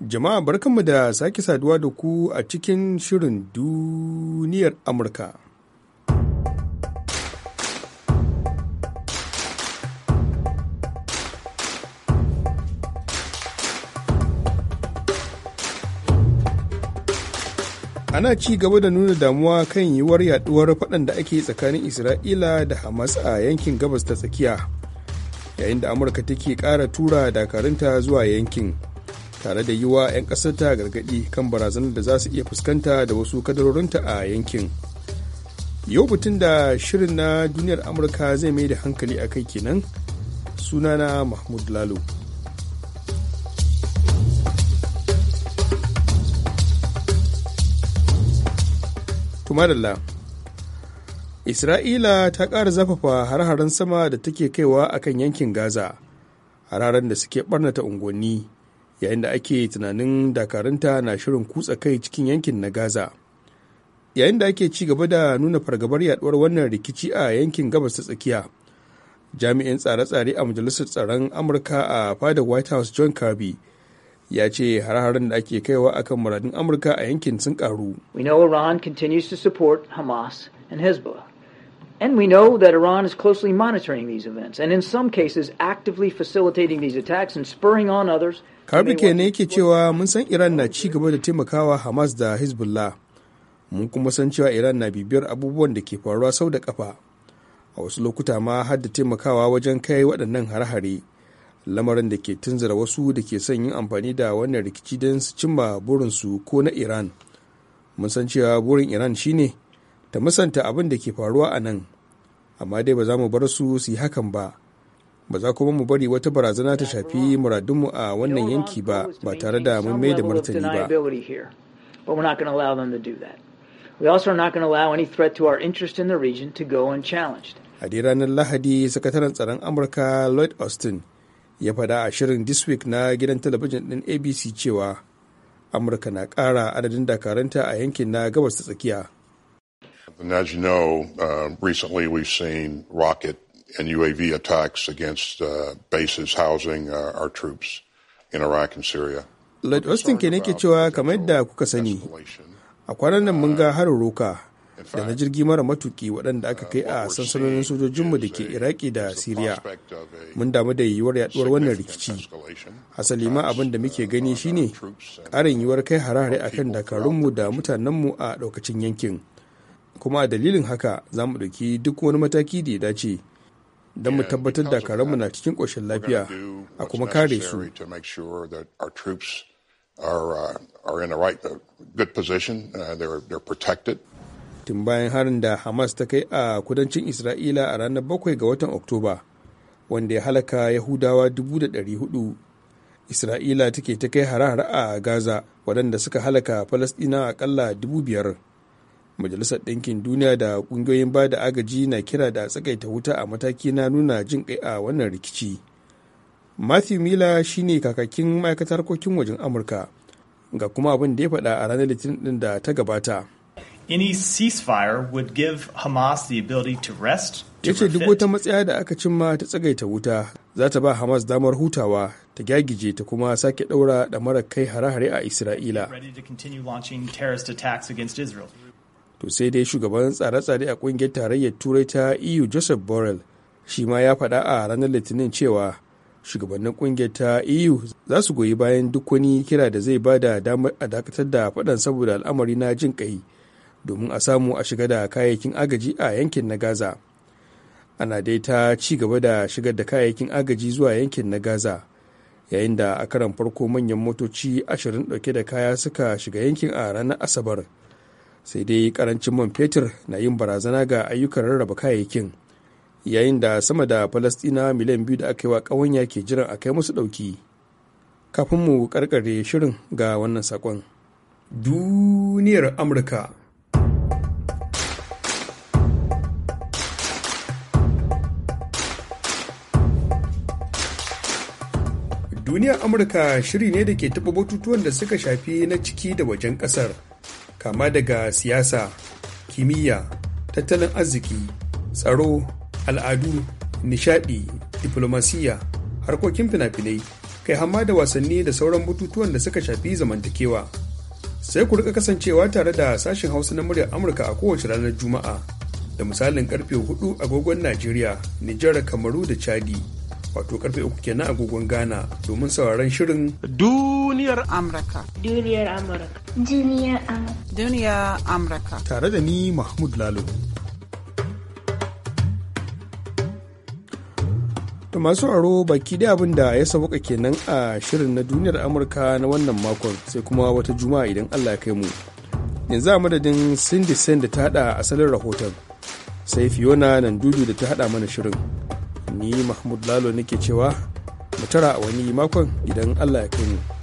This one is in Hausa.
Jama'a barkanmu da sake saduwa da ku a cikin shirin duniyar Amurka. Ana ci gaba da nuna damuwa kan yiwuwar yaduwar faɗan da ake tsakanin Isra'ila da Hamas a yankin gabas ta tsakiya, yayin da Amurka take ƙara tura dakarunta zuwa yankin. tare da yiwa 'yan 'yan ƙasarta gargaɗi kan barazanar da za su iya fuskanta da wasu kadarorinta a yankin yau butun da shirin na duniyar amurka zai mai da hankali a kai kenan sunana mahmud lalo tumadalla isra'ila ta ƙara zafafa har-haren sama da take kaiwa akan yankin gaza hararen da suke barnata unguwanni yayin da ake tunanin dakarunta na shirin kutsa kai cikin yankin na gaza yayin da ake ci gaba da nuna fargabar yaduwar wannan rikici a yankin gabas ta tsakiya jami'in tsare-tsare a majalisar tsaron amurka a fadar white house john kirby ya ce har-haren da ake kaiwa akan muradin amurka a yankin sun karu we know iran continues to support hamas and hezbollah And we know that Iran is closely monitoring these events and in some cases actively facilitating these attacks and spurring on others. Karbi ke ne yake cewa mun san Iran na ci gaba da taimakawa Hamas da Hezbollah. Mun kuma san cewa Iran na bibiyar abubuwan da ke faruwa sau da kafa. A wasu lokuta ma har da taimakawa wajen kai waɗannan hare-hare. Lamarin da ke tunzura wasu da ke son yin amfani da wannan rikici don su cimma burinsu ko na Iran. Mun san cewa burin Iran shine ne ta musanta abin da ke faruwa a nan amma dai ba za mu bar su su yi hakan ba ba za kuma mu bari wata barazana ta shafi muradunmu a wannan yanki ba ba tare da mun mai da martani ba a dai ranar lahadi sakataren tsaron amurka lloyd austin ya faɗa a shirin this week na gidan talabijin ɗin abc cewa amurka na ƙara adadin dakaranta a yankin na gabas ta tsakiya And as you know, uh, recently we've seen rocket and UAV attacks against uh, bases housing uh, our troops in Iraq and Syria. Lloyd Austin ke nake cewa kamar yadda kuka sani a kwanan nan mun ga uh, harin roka da na jirgi mara matuki waɗanda aka kai a uh, sansanonin sojojinmu da ke iraki da siriya mun damu da yiwuwar yaduwar wannan rikici asali ma abin da muke uh, gani shine ƙarin yiwuwar kai harare akan dakarunmu da mutanenmu a ɗaukacin yankin kuma a dalilin haka za mu ɗauki duk wani mataki da ya dace don mu tabbatar da mu na cikin ƙoshin lafiya a kuma kare su. Tun bayan harin da Hamas ta kai a kudancin Isra'ila a ranar 7 ga watan Oktoba, wanda ya halaka Yahudawa 400,000, Isra'ila take ta kai hare-hare a Gaza waɗanda suka halaka Falasɗina aƙalla 5,000. majalisar ɗinkin duniya da ƙungiyoyin ba da agaji na kira da tsakaita wuta a mataki na nuna jin kai a wannan rikici matthew miller shine kakakin ma'aikatar harkokin wajen amurka ga kuma abin da ya faɗa a ranar litinin ɗin da ta gabata ya ce duk wata matsaya da aka cimma ta tsagaita wuta za ta ba hamas damar hutawa ta gyagije ta kuma sake ɗaura da mara kai hare-hare a isra'ila to sai dai shugaban tsare-tsare a kungiyar tarayyar turai ta eu joseph borrell shi ma ya faɗa a ranar litinin cewa shugabannin kungiyar ta eu za su goyi bayan duk wani kira da zai ba da damar a dakatar da faɗan saboda al'amari na jin ƙai domin a samu a shiga da kayayyakin agaji a yankin na gaza ana dai ta ci gaba da shigar da kayayyakin agaji zuwa yankin na gaza yayin da a karan farko manyan motoci ashirin ɗauke da kaya suka shiga yankin a ranar asabar sai dai karancin man fetur na yin barazana ga ayyukan rarraba kayayyakin yayin da sama da falastina miliyan biyu da aka yi wa ƙawanya ke jiran a kai musu ɗauki kafin mu karkare shirin ga wannan saƙon duniyar amurka duniyar amurka shiri ne da ke taɓa batutuwan da suka shafi na ciki da wajen ƙasar kama daga siyasa kimiyya tattalin arziki tsaro al'adu nishadi diplomasiya harkokin fina-finai kai hama da wasanni da sauran bututuwan da suka shafi zamantakewa sai ku rika kasancewa tare da sashen hausa na muryar amurka a kowace ranar juma'a da misalin karfe 4 agogon najeriya nijar kamaru da chadi wato karfe uku kenan agogon Ghana domin sauraron shirin Duniyar Amurka. Duniyar Amurka. Duniyar Amurka. Duniyar Amurka. Tare da ni Mahmud Lalo. To masu aro baki da abin da ya sauka kenan a shirin na duniyar Amurka na wannan makon sai kuma wata juma'a idan Allah ya kai mu. Yanzu a madadin Cindy Sand da ta hada asalin rahoton sai Fiona dudu da ta hada mana shirin. ni mahmud lalo nake cewa mu tara a wani makon idan allah ya kai mu.